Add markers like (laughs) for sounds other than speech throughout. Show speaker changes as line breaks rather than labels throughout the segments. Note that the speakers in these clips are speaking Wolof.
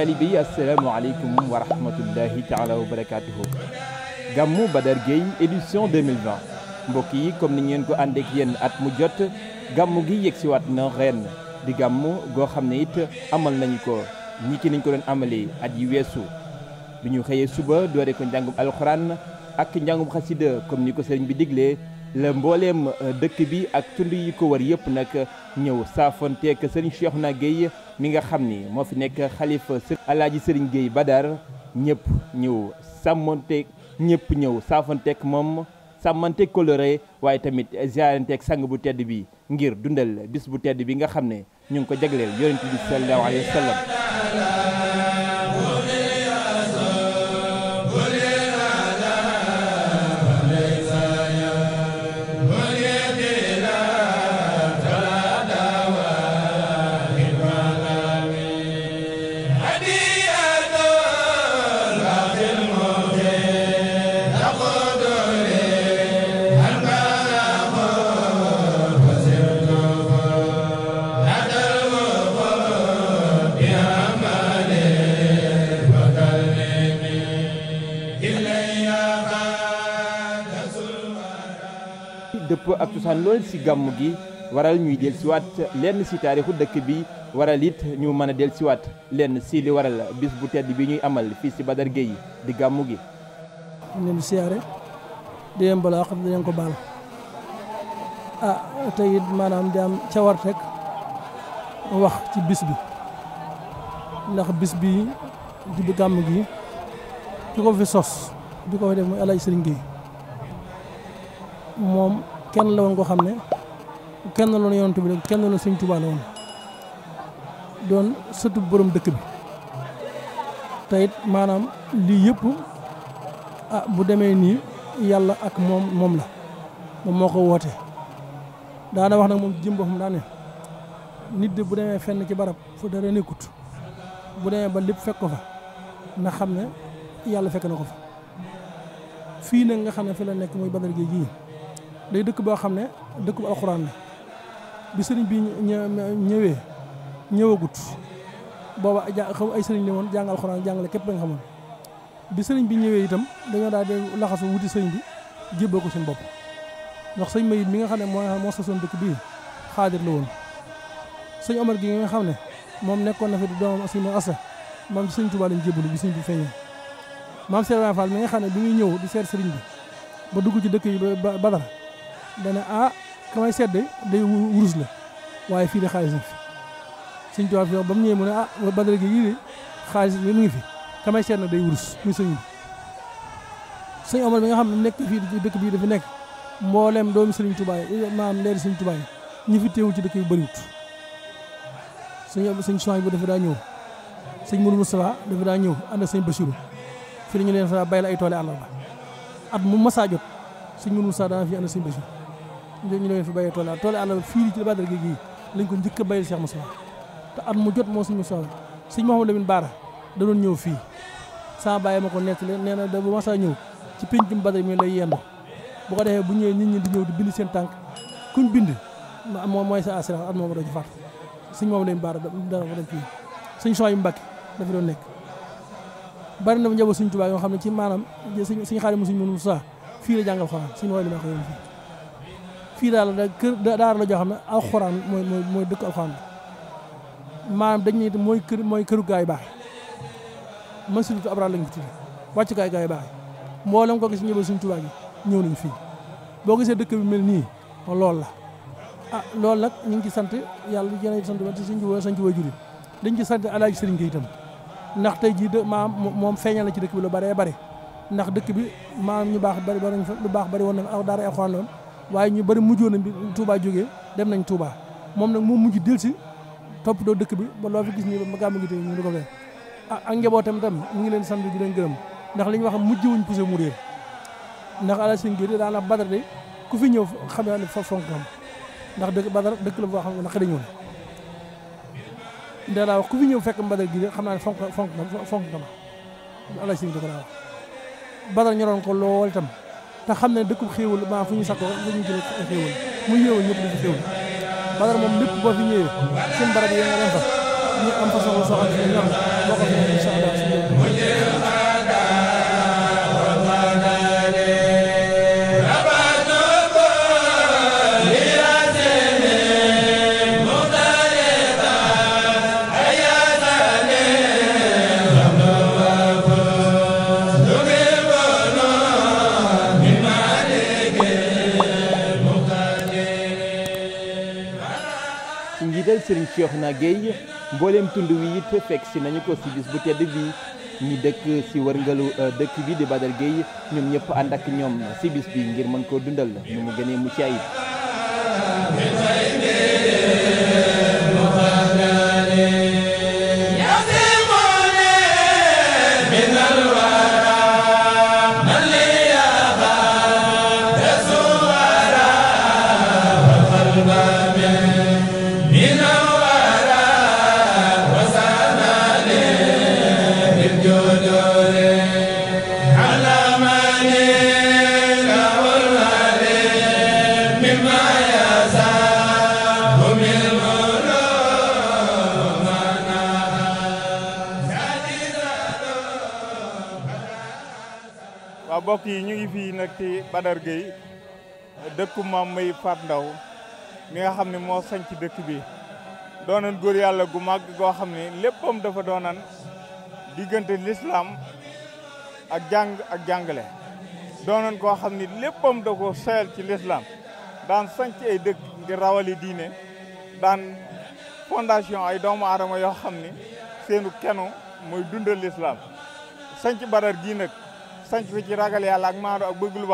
taalibe yi asalaamaaleykum wa rahmatullahi taala wa barakaatuhu gàmmu Badar Gueye édition 2020 mbokk yi comme ni ngeen ko àndeek yéen at mu jot gàmmu gi yegsiwaat na ren di gàmmu goo xam ne it amal nañu ko ñi ki nañ ko doon amalee at yi weesu bi ñu xëyee suba doore ko njàngum alxuraan ak njàngum xasida comme ni ko sëriñ bi diglee la mbooleem dëkk bi ak tund yi ko war yëpp nag ñëw saafonteek sëriñ Cheikhouna Gueye mi nga xam ni moo fi nekk xalifa alaaji sëriñ Gueye Badar ñëpp ñëw sàmmanteeg ñëpp ñëw saafanteeg moom sàmmanteeg coloré waaye tamit ziaranteeg sang bu tedd bi ngir dundal bis bu tedd bi nga xam ne ñu ngi ko jagleel yonent di sallallahu alayhi dëppoo ak cosaan lool si gàmm gi waral ñuy del siwaat lenn si taarixu dëkk bi waral it ñu mën a del siwaat lenn si li waral bis bu tedd bi ñuy amal fii si Badar Gueye di gàmmu gi
ñu leen di siyaare di leen balaa xam di leen ko baal a ah, te maanaam di am cawar rek wax ci bis bi ndax bis bi di gàmm gi ki ko fi sos di ko fi def muy El Hadj Serigne moom kenn la woon koo xam ne kenn la woon yonent bi kenn la woon Sëñ Tuubaa la woon doon sëtu borom dëkk bi te maanaam lii yépp a ah, bu demee nii yàlla ak moom moom la moom moo ko woote daana wax nag moom jëm boppam daa ne nit de bu demee fenn ci barab fu dara nekkut bu demee ba lépp fekk ko fa na xam ne yàlla fekk na ko fa fii nag nga xam ne fi la nekk muy Badar gi jii day dëkk boo xam ne dëkk bu alxuraan la bi sëriñ bi ñëwee ñëwagut booba xaw ay sëriñ li woon jàng alxuraan jàngale képp nga xamoon bi sëriñ bi ñëwee itam dañoo daal di laxasu wuti sëriñ bi jébboo ko suñu bopp ndax sëñ Mayit mi nga xam ne moo moo sasoon dëkk bii xaadir la woon sëñ Omar gi nga xam ne moom nekkoon na fi di doomam sëñ ma asa maam sëñ Tuubaa lañ jébbalu bi sëñ bi feeñee maam Serigne Fall mi nga xam ne bi muy ñëw di seet sëriñ ba dugg ci dëkk yi ba dana ah kamay sedd day wurus la waaye fii de xaalis na fi ba mu mu ne ah gi xaalis bi mu ngi fi kamay sedd nag day wurus muy sëñ bi sëñ Omar bi nga xam ne nekk fii dëkk bii dafa nekk mboolem doomi sëriñ Tuubaa yi eh, maam leeri sëriñ Tuubaa ñi fi teewul ci dëkk yu bëriwut sëñ sëñ Suwaybu bu dafa daa ñëw sëñ Mourou Moustapha dafa daa ñëw ànd ak sëñ Bassirou fi la ñu bay fa bayal ay toole àllarba at mu masaa jot sëñ Mourou Moustapha daan fi ànd ak ñu leen fi béyee toolu àll toolu àll fii ci Badar gi gii lañ ko njëkk a béyal Cheikh Moussa mu jot moo suñu soxla sëñ Mouhamadou Lamine Bara da doon ñëw fii saa bàyyi ma ko nettali nee na da bu masaa ñëw ci péncum Badar mi lay yendu bu ko defee bu ñëwee nit ñi di di bind seen tànk kuñ bind moom mooy sa assurance at moom doo ci fàtt sëñ Mouhamadou Lamine Bara dara ko def fii sëñ yu Mbàkke dafa doon nekk bari na njaboot sëñ Tuubaa yoo xam ne ci maanaam suñ xaari mu suñ mënu Moussa fii la jàngal Alxuraan fii daal da kër daara la joo xam ne alxuraan mooy mooy mooy dëkk alxuraan maanaam dañ ne mooy kër mooy këru gaa yu baax masjidu Abraar lañ ko tudd wàccu kaay gaa yu baax mboolem ko gis ñëwal suñu Tuubaa gi ñëw nañu fii boo gisee dëkk bi mel nii loolu la ah loolu nag ñu ngi ci sant yàlla yéen a ngi sant ba ci suñu waa suñu waa juri dañ ci sant alaaji sëriñ gi itam ndax tey jii de maam moom feeñal na ci dëkk bi baree bare ndax dëkk bi maam ñu baax bari bari nañ fa lu baax bari woon na daara alxuraan loon waaye ñu bari mujjoon na bi Touba jógee dem nañ Touba moom nag moom mujj delsi doo dëkk bi ba loo fi gis nii ba gàmmu gi tey ñu di ko fee ah ak njabootam tam ñu ngi leen sant di leen gërëm ndax li ñu wax mujj wuñ poussé mu réer ndax ala seen géej daanaka badar de ku fi ñëw xam ne fa fonk am ndax dëkk badar dëkk la boo xam ne xëy na ñëw na. wax ku fi ñëw fekk badar gi de xam naa ne fonk fonk na fonk na ma ala seen di ko daa wax badar ko lool tam. te xam ne dëkkub xéewal maa fu ñu sakko fu ñu jëlee ay xéewal mu yéewal ñëpp dafa xéewal Badar moom lépp boo fi ñëwee seen barab yi nga dem fa ñu am fa soxla soxla ñu am boo ko fi incha allah
Serigne Cheikhouna Gueye mbooleem tund wi it fekk si nañu ko si bu tedd bi ñi dëkk si wërngalu euh, dëkk bi di Badar Gueye ñoom ñëpp ànd ak ñoom sibis bi ngir mën koo dundal nu mu gënee mu ci ayib
Badar Gueye dëkku maam may Faat Ndaw mi nga xam ne moo sañ dëkk bi doonan góor yàlla gu màgg goo xam ne léppam dafa doonan diggante lislaam ak jàng ak jàngale doonan koo xam ne léppam da ko ci lislaam daan sañc ay dëkk ngir rawali diine daan fondation ay doomu aadama yoo xam ne seenu kenu mooy dundal lislaam sañc Badar gii sañc fi ci ragal ak maandu ak bëgg lu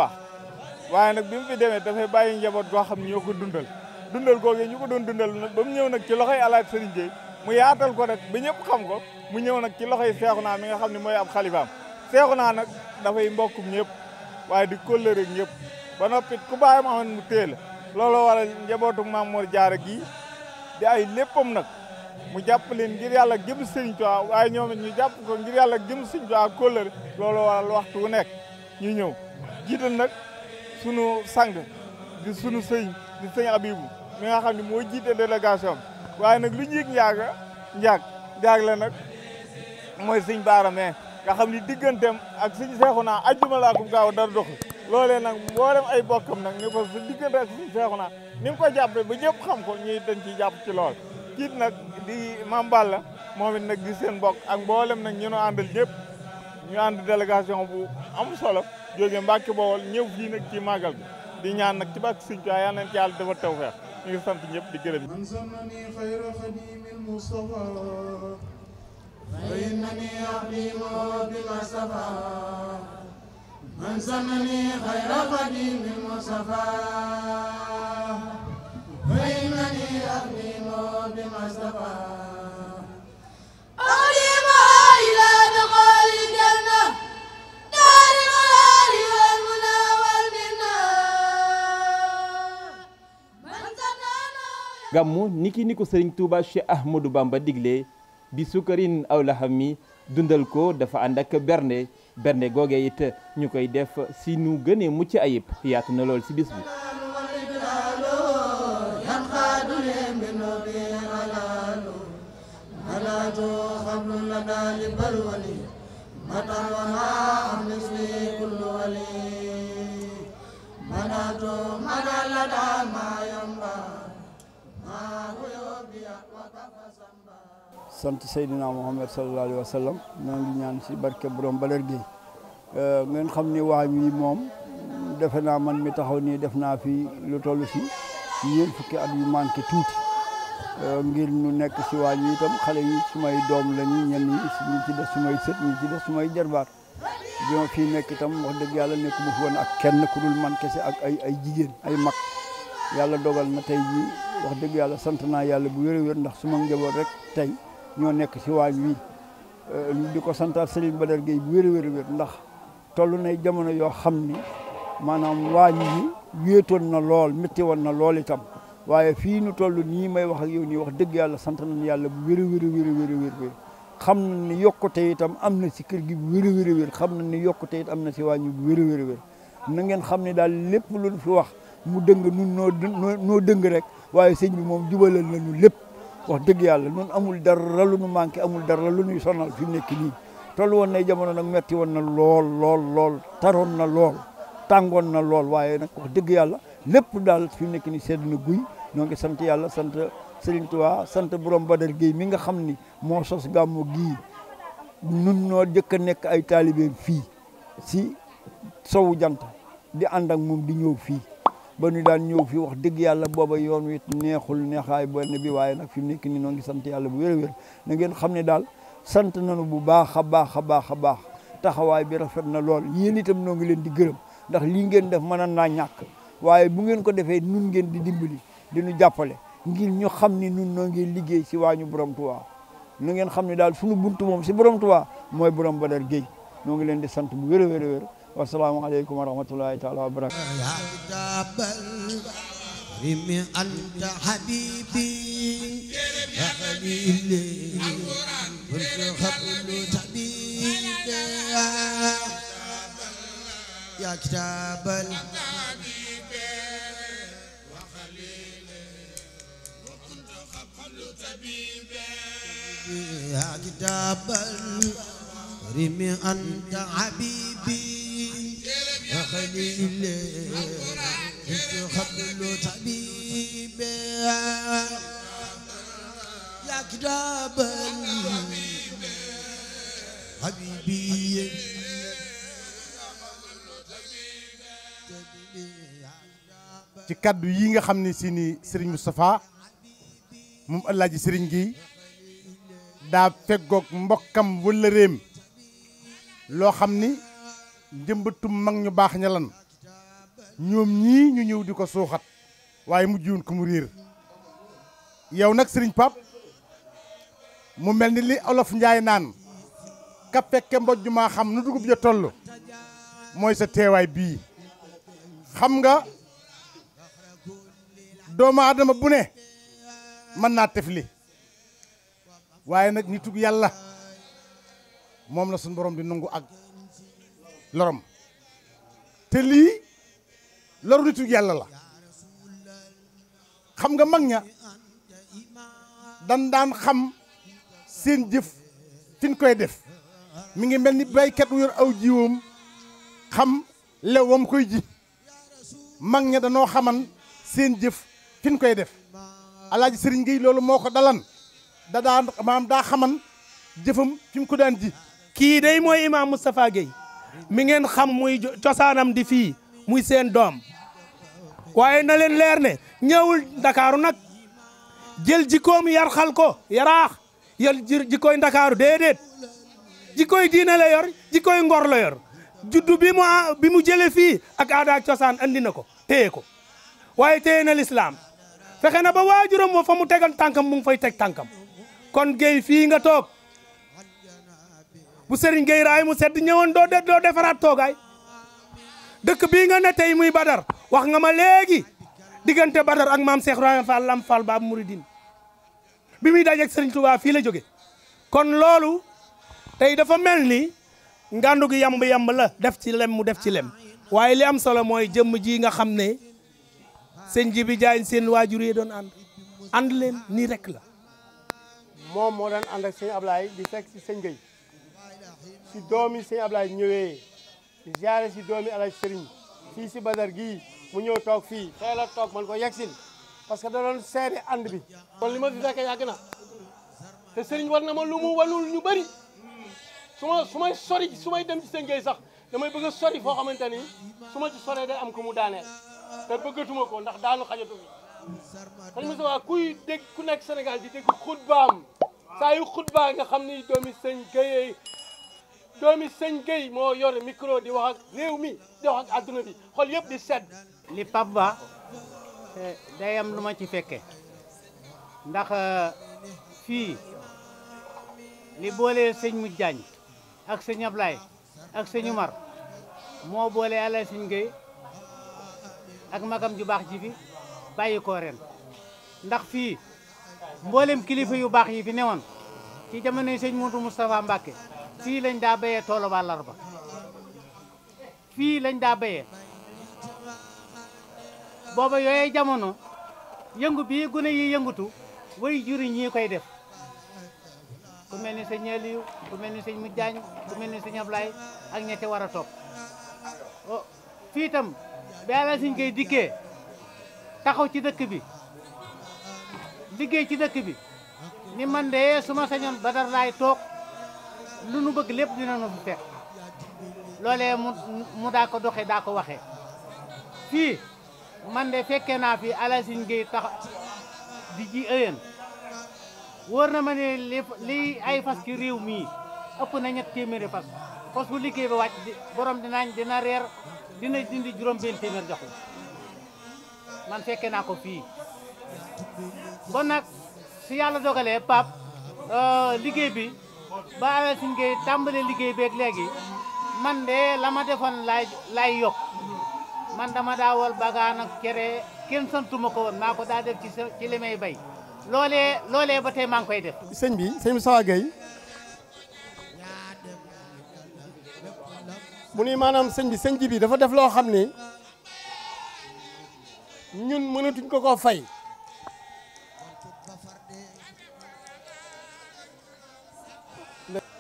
waaye nag bi mu fi demee dafay bàyyi njaboot goo xam ñoo ko dundal dundal googee ñu ko doon dundal na mu ñëw nag ci loxoy alaaj sëriñ Jéy mu yaatal ko nag ba ñëpp xam ko mu ñëw nag ci yi seexu naa mi nga xam ne mooy ab xalifaam seexu naa nag dafay mbokkum ñëpp waaye di kóllëre ak ñëpp ba noppit ku bàyyi ma amoon mu téel looloo waral njabootu Maam Mor Jaara gi di ay léppam nag mu jàpp leen ngir yàlla jëm sëriñ a waaye ñoom it ñu jàpp ko ngir yàlla jëm sëriñ Tuubaa kóllëre looloo waral waxtu wu nekk ñu ñëw sunu sang di sunu sëñ di sëñ Abibu mi nga xam ne moo jiite délégation waaye nag lu ñuy njaaga njaag njaag la nag mooy sëñ Baara mais nga xam ni digganteem ak sëñ Seexuna naa laa ko gaaw dara dox loolee nag mboolem ay bokkam nag ni ko su diggante ak sëñ Seexuna ni nga ko jàppee ba ñëpp xam ko ñuy dañ ci jàpp ci lool kiit nag di Mame Balla moom it nag di seen mbokk ak mboolem nag ñu nu àndal ñëpp ñu ànd délégation bu am solo jóge Mbàkke Bawol ñëw fii nag ci di ñaan nag ci bàkk Sëriñ Tuubaa yal nañ ci yàlla dafa feex ñu ngi sant ñëpp di gërëm man sannani xayra
xayra xadimil mustafa
gàmmu niki ni ko sëriñ
Touba Cheikh Ahmadou Bamba digle bi sukkarin aw laham mi dundal ko dafa ànd ak bernde bernde googe it ñu koy def si nu gënee mucc ayib yaatu na lool si bis bi
manato manala da mayamba
sant Seydina Mohamed sallallahu alayhi wa sallam ngi ñaan si barke borom Badar gi euh, ngeen xam ni waañ wi moom defe naa man mi taxaw nii def naa fi lu toll si ñeent fukki at yu manqué tuuti euh, ngir ñu nekk si waañ wi itam xale yi sumay doom lañu ñenn ñi ñu ci des sumay sët ñu ci des sumay jarbaat bi ma fii nekk itam wax dëgg yàlla nekk mu fi woon ak kenn ku dul man kese ak ay ay jigéen ay mag yàlla dogal na tey jii wax dëgg yàlla sant naa yàlla bu wér a ndax su ma njaboot rek tey ñoo nekk si waañ wi euh, di ko santaat Serigne Badar Gueye bu wér a wér ndax toll nay jamono yoo xam ni maanaam waañ wi wéetoon na lool métti woon na lool itam waaye fii nu toll nii may wax ak yow nii wax dëgg yàlla sant nañ yàlla bu wér a wér a wér a wér xam nañ ni yokkute itam am na si kër gi bu wér a xam nañ ni yokkute it am na si waañ wi bu wér na ngeen xam ni daal lépp lu fi wax mu dëng nun noo noo dëng rek waaye sëñ bi moom jubalal nañu lépp wax dëgg yàlla nun amul dara lu nu manqué amul dara lu nuy sonal fi mu nekk nii toll woon nay jamono nag metti woon na lool lool lool taroon na lool tàngoon na lool waaye nag wax dëgg yàlla lépp daal fi mu nekk nii sedd na guy ñoo ngi sant yàlla sant Serigne Touba sant borom Badar Gueye mi nga xam ni moo sos gàmmu gii nun noo jëkk a nekk ay taalibeem fii si sowu jant di ànd ak moom di ñëw fii ba ñu daan ñëw fi wax dëgg yàlla booba yoon wi neexul neexaay ne bi waaye nag fi mu nekk nii noo ngi sant yàlla bu wér a wér na ngeen xam ne daal sant nañu bu baax a baax a baax a baax taxawaay bi rafet na lool yéen itam noo ngi leen di gërëm ndax lii ngeen def mënoon naa ñàkk waaye bu ngeen ko defee nun ngeen di dimbali di ñu jàppale ngir ñu xam ni nun noo ngi liggéey si waañu borom Tuubaa nu ngeen xam ne daal suñu bunt moom si borom Tuubaa mooy borom Badar Géej noo ngi leen di sant bu wér a wér a wér والسلام عليكم ورحمة الله تعالى وبركاته
يا جبل رمي أنت حبيبي يا خليلي كنت قبل تبيبي يا كتاب الحبيب وخليلي وكنت قبل تبيبي يا كتاب الحبيب رمي أنت حبيبي ci
kàddu yi nga xam ne si ni Serigne Moustapha moom Alaaji Serigne gi daa feggoog mbokkam wëllëreem loo xam ni njëmbatum mag ñu baax ña lan ñoom ñii ñu ñëw di ko suuxat waaye mujj woon ko mu réer yow nag sëriñ pap mu mel ni li olof njaay naan ka fekke maa xam nu dugub ja toll mooy sa teewaay bii xam nga doomu aadama bu ne mën naa tefli waaye nag nitug yàlla moom la suñu borom di nangu ak lorom te lii loru nitu yàlla la xam nga mag ña dan daan xam seen jëf fi koy def mi ngi mel ni baykat wu yor aw jiwam xam lew wam koy ji mag ña danoo xaman seen jëf fi koy def alaaji sëriñ Gueye loolu moo ko dalan
da daan maam daa xaman jëfam fi ko daan ji kii day mooy imaam Moustapha Gueye mi ngeen xam muy cosaanam di fii muy seen doom waaye na leen leer ne ñëwul ndakaaru nag jël jikkoom yar xal ko yaraax yal jikkoy ndakaaru déedéet jikkoy diine la yor jikkoy ngor la juddu bi mu bi mu jële fii ak aada cosaan andi na ko téye ko waaye téye na lislaam fexe na ba waajuram wa fa mu tegan tànkam mu ngi fay teg tànkam kon géey fii nga toog bu sëriñ Gueye raay mu sedd ñëwoon doo doo defaraat toogaay dëkk bii nga ne tey muy Badar wax nga ma léegi diggante Badar ak maam Cheikh Ibrahima Fall Lam Fall Baab bi muy dajeeg sëriñ Touba fii la jóge kon loolu tey dafa mel ni ngandu gi yamb yamb la def ci lem mu def ci lem waaye li am solo mooy jëmm ji nga xam ne sëñ ji bi jaay seen waajur yi doon ànd ànd leen nii rek la. moom moo daan ànd ak sëñ Ablaye di fekk si sëñ Gueye si doomi sëñ Ablaye ñëwee ziare si doomi Alaj Sëriñ fii si Badar gii mu ñëw toog fii xeel a toog man ko yegsil parce que da doon seede ànd bi kon li ma fi fekkee yàgg na te sëriñ war na ma lu mu wanul ñu bëri su ma su may sori su may dem ci sëñ Gueye sax damay bëgg a sori foo xamante ni su ma ci soree day am ko mu daaneel te bëggatuma ko ndax daanu xajatu fi sëñ Moustapha kuy dégg ku nekk Sénégal di dégg xutbaam saa yu xutbaa nga xam ni doomi sëñ Gueye doomi sëñ Gueye moo yor micro di wax ak réew mi di wax ak adduna bi xol yëpp di sedd li Pape dayam eh, day lu ma ci fekke ndax eh,
fii li boole sëñ mu Diagne ak sëñ Ablaye ak sëñ Umar moo boole ala sëñ Gueye ak magam ju baax ji fi bàyyi ko ren ndax fii mboolem kilifa yu baax yi fi newoon ci jamonoy sëñ Modou Moustapha Mbacke fii lañ daa béyee toolu àllarba fii lañ daa béyee booba yooye jamono yëngu bii gune yi yëngutu way juri ñii koy def ku mel ni sëñ Aliou ku mel ni sëñ Mujjaañ ku mel ni sëñ ak ña ca war a topp fii itam bi Alla Sëñ Gey dikkee taxaw ci dëkk bi liggéey ci dëkk bi ni man de su ma sañoon Badar laay lu nu bëgg lépp dina nu fekk loolee mu mu daa ko doxee daa ko waxee fii man de fekkee naa fi Alasine Gueye tax di ji ëyën wër na ma ne li ay fas ci réew mii ëpp nañ ñett téeméeri fas fas bu liggéey ba wàcc borom dinaañ dina reer dina dindi juróom benn téeméer jox man fekkee naa ko fii bon nag su yàlla dogalee pap euh, bi ba awee suñ koy tàmbali liggéey beeg léegi man de la ma defoon laay laay yok man dama daawal bagaan ak cere kenn santuma ko woon maa ko daa def ci ci may bay loolee loolee ba tey
maa ngi koy def. sëñ bi sëñ Moustapha Gueye mu ni maanaam sëñ bi sëñ ji dafa def loo xam ne ñun mënatuñ ko koo fay.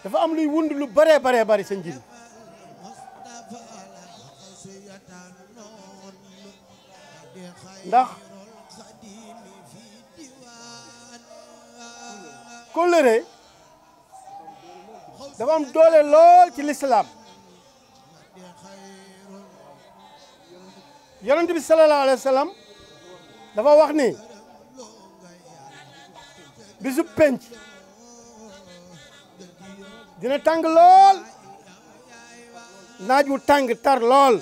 dafa am luy wund lu bëree baree bëri sa njëriñ ndax kóllëre dafa am doole lool ci lislaam yonent bi sallallahu alayhi dafa wax ni bisu penc dina tàng lool naaj wu tàng tar lool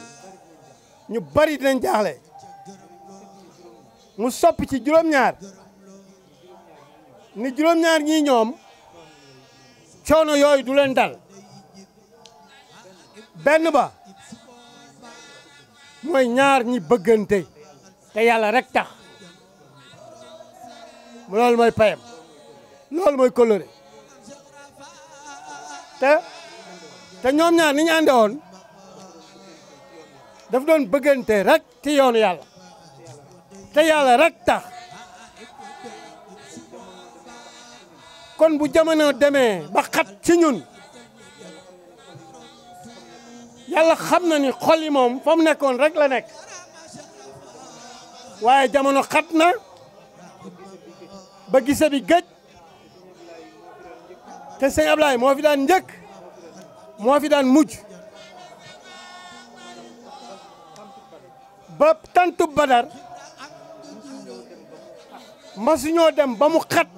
ñu bari dinañ jaaxle mu sopp ci juróomñaar ñaar ni juróom-ñaar ñoom coono yooyu du leen dal benn ba mooy ñaar ñi bëggante te yàlla rek tax loolu mooy payam loolu mooy coloré te te ñoom ñaar ni ñu ànde woon daf doon bëggante rek ci yoonu yàlla te yàlla rek tax kon bu jamono demee ba xat ci ñun yàlla xam na ni xol moom fa nekkoon rek la nekk waaye jamono xat na ba gise bi gëj te sëñ Ablaye moo fi daan njëkk moo fi daan mujj ba tantu Badar masuñoo dem ba mu xat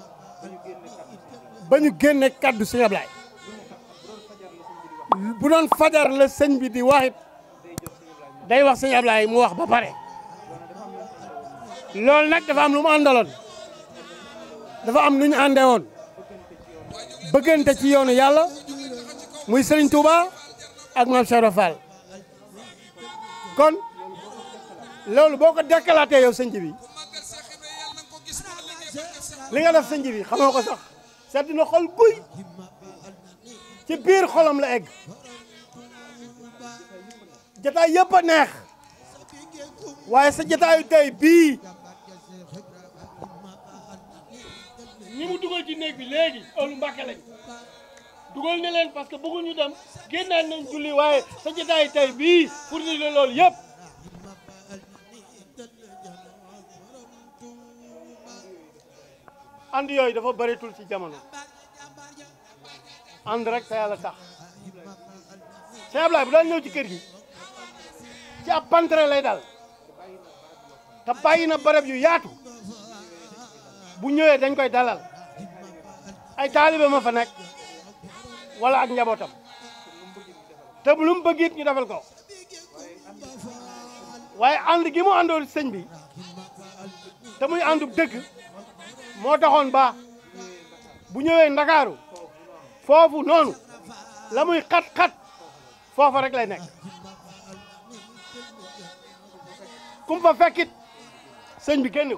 ba ñu génne kaddu sëñ Ablaye bu doon fajar la sëñ bi di waxit day wax sëñ Ablaye mu wax ba pare lool nag dafa am lu mu àndaloon dafa am lu ñu àndewoon bëggante ci yoonu yàlla muy Serigne Touba ak Mame Cheikh Fall kon loolu boo ko dekkalaatee yow sëñ bi li nga def sëñ bi xamoo ko sax sedd na xol guy ci biir xolam la egg jataay yëpp a neex waaye sa jataayu tey bii ñi mu ci néeg bi léegi ëllu Mbàkke lañ dugal ne leen parce que bëgguñu dem génnaan nañ julli waaye sa jotaay tey bii pour ni la loolu yëpp ànd yooyu dafa bëritul ci jamono ànd rek te yàlla tax Sëñ Ablaay bu daan ñëw ci kër gi ci ab pantere lay dal te bàyyi na barab yu yaatu bu ñëwee dañ koy dalal ay taalibe ma fa nekk wala ak njabootam te lu mu bëgg it ñu ko waaye ànd gi mu àndoon sëñ bi muy àndu dëgg moo taxoon ba bu ñëwee ndakaaru foofu noonu la muy xat-xat foofa rek lay nekk kum fa fekkit sëñ bi kenn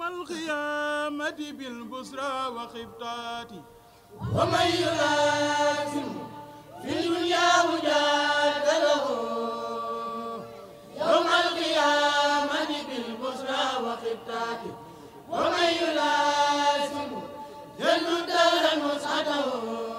يوم القيامة
بالبسرى وخبطات
ومن يلازم
في الدنيا مجادله
يوم القيامة بالبسرى وخبطات ومن يلازم
جل الدهر
مسعده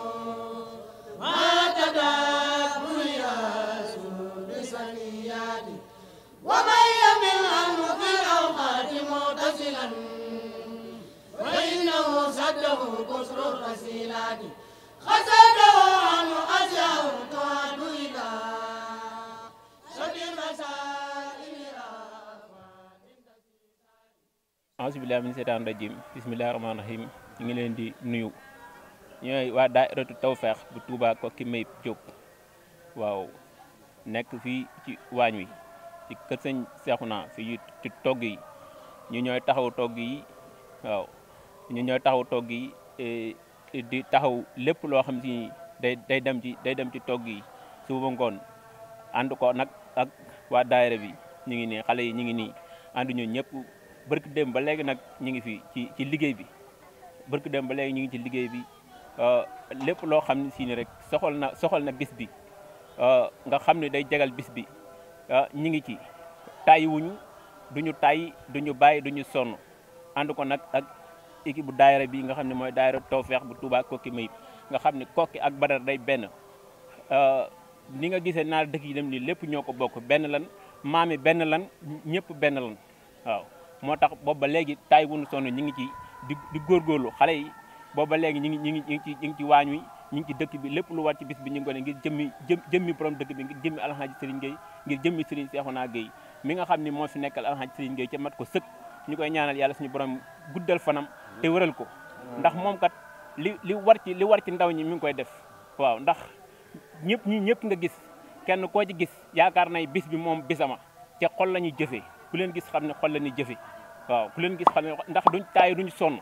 له كسر الرسيلات خسده عنه
أزياء تعد إلى شر المسائل
أعوذ بالله من الشيطان الرجيم بسم الله الرحمن الرحيم ñu ngi leen di nuyu ñooy waa daayiratu tawfeex bu Touba Koki Mayib Diop waaw nekk fii ci waañ wi ci kër sëñ Seexuna fii ci togg yi ñu ñooy taxaw togg yi waaw ñu ñooy taxaw togg yi eh, di taxaw lépp loo xam si day day dem ci day dem ci togg yi suba ngoon ànd ko nag ak waa daayira bi ñu ngi nii xale yi ñu ngi nii àndu ñu ñëpp barki dem ba léegi nag ñu ngi fi ci ci liggéey bi barki dem ba léegi ñu ngi ci liggéey bi euh, lépp loo xam ne si rek soxal na soxal na bis bi euh, nga xam ne day jagal bis bi euh, ñu ngi ci tàyyiwuñu duñu tàyyi duñu bàyyi duñu sonn ànd ko nag équipe bu daayira bi nga xam ne mooy daayira Tawfeex bu Touba Kokki Mayib nga xam ne Kokki ak Badar day benn euh, ni nga gisee naa dëkk yi dem nii lépp ñoo ko bokk benn lan maam yi benn lan ñëpp benn lan waaw moo tax boobu ba léegi taay wunu sonn ñi ngi ci di di góorgóorlu xale yi boobu ba léegi ñi ngi ñi ngi ñi ngi ci ñi ngi ci wi ñi ngi ci dëkk bi lépp lu war ci bis bi ñu ngi ko ne ngir jëmmi jëmmi borom dëkk bi ngir jëmmi alxaaji Serigne géey ngir jëmmi seexu Cheikhouna Gueye mi nga xam ni moo fi nekkal alxaaji Serigne Gueye ca mat ko sëkk ñu koy ñaanal yàlla suñu borom guddal fanam te wëral ko ndax moom kat li li war ci li war ci ndaw ñi mi ngi koy def waaw ndax ñëpp ñi ñëpp nga gis kenn koo ci gis yaakaar nañ bis bi moom bisama te xol la ñuy jëfee ku leen gis xam ne xol la ñuy waaw ku leen gis xam ne ndax duñ taay duñ sonn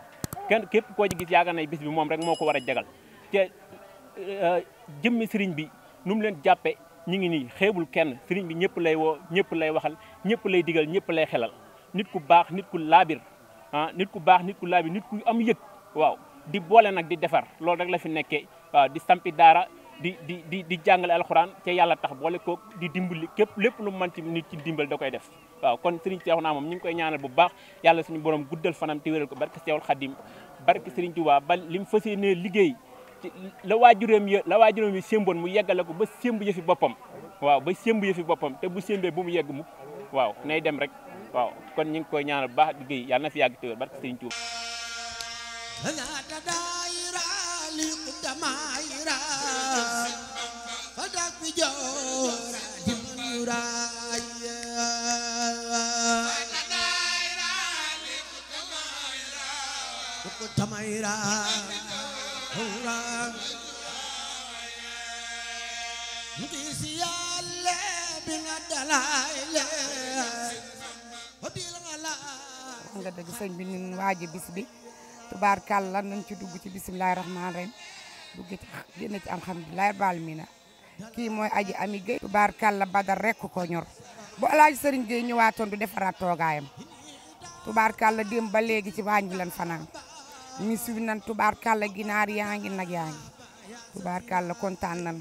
kenn képp koo ci gis yaakaar nay bis bi moom rek moo ko war a jagal te euh, jëmmi sëriñ bi nu leen jàppe ñu ngi nii xeebul kenn sëriñ bi ñëpp lay woo ñëpp lay waxal ñëpp lay digal ñëpp lay xelal nit ku baax nit ku laabir ah nit ku baax nit ku laabi nit ku am yëg waaw di boole nag di defar loolu rek la fi nekkee waaw di sampi daara di di di di jàngale alxuraan te yàlla tax boole ko di dimbali képp lépp lu mën ci nit ci dimbal da koy def waaw kon Serigne Cheikhouna moom ñu ngi koy ñaaneel bu baax yàlla suñu borom guddal fanam te wéral ko barke Seexul Xadim barke Serigne Touba ba li mu fas yéenee liggéey ci la waajuram ya la waajuram yi sémboon mu yeggale ko ba sémb yëfi boppam waaw ba sémb yëfi boppam te bu sémbee bu mu yegg waaw nay dem rek waaw kon ñu ngi koy ñaanal baax liggéey yàlla na fi yàgg téwér barke sëriñ
Tuuba tamaira hura ndisi yàlla bi nga dalaay xam nga dëgg sëñ bi ñun waaje bis bi la nañ ci dugg ci bisimilahi rahmaani rahim dugg ci génn ci alhamdulilahi baal mi na kii mooy aj ami Gueye tubaarkàlla badar rekk ko ñor bu alaaji sëriñ Gueye ñëwaatoon du defaraat toogaayam tubaarkàlla démb ba léegi ci baañ bi lan fanaan mi subi nan tubaarkàlla ginaar yaa ngi nag yaa ngi tubaarkàlla kontaan nan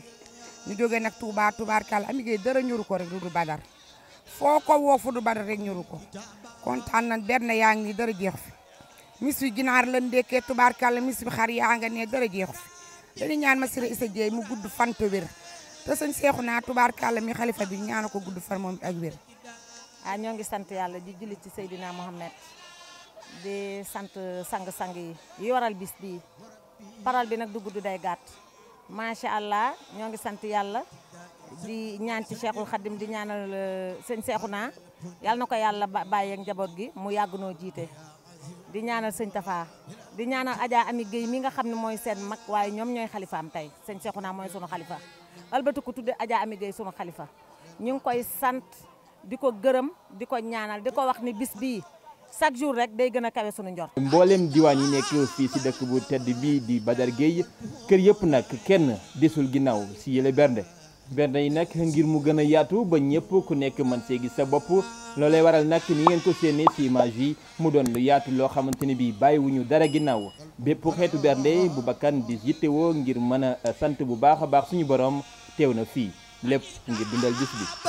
ñu jógee nag tubaar tubaarkàlla ami Gueye dara ñoru ko rek du du badar foo ko woo du Badara rek ñuru ko kontaan nañ benn yaa ngi dara jeex fi mis bi ginaar la ndekkee tubaarkàlla mis xar yaa nga ne dara jeex fi dañu ñaan Massiré Issa Dieye mu gudd fan te wér te sëñ seexu naa tubaarkàlla mi xalifa bi ñaana ko gudd fan moom ak wér
ah ñoo ngi sant yàlla di julli ci Seydina Mohamed di sant sang-sang yi yi bis bii paral bi nag du gudd day gàtt macha allah ñoo ngi sant yàlla di ñaan ci cheikhul xadim di ñaanal euh, sëñ Seexuna yàlla na ko yàlla bàyyi ak njaboot gi mu yàgg noo jiite di ñaanal sëñ Tafa di ñaanal Adja Ami Guèye mi nga xam ne mooy seen mag waaye ñoom ñooy xalifaam tey sëñ Seexuna mooy sunu xalifa albatu ku tudde Adja Ami Guèye sunu xalifa ñu ngi koy sant di ko gërëm di ko ñaanal di ko wax ni bis bii chaque jour rek day gën a kawe sunu njor.
mbooleem diwaan yi nekk fii si dëkk bu tedd bii di Badar Gueye kër yëpp nag kenn desul ginnaaw si yële bernde bernde yi nag ngir mu gën a yaatu ba ñëpp ku nekk mën see gis sa bopp loolay waral nag ni ngeen ko séenee si image yi mu doon lu yaatu loo xamante ni bii bàyyiwuñu dara ginnaaw bépp xeetu bernde bu bakkan di yittewoo ngir mën a sant bu baax a baax suñu boroom teew na fii lépp ngir dundal gis bi.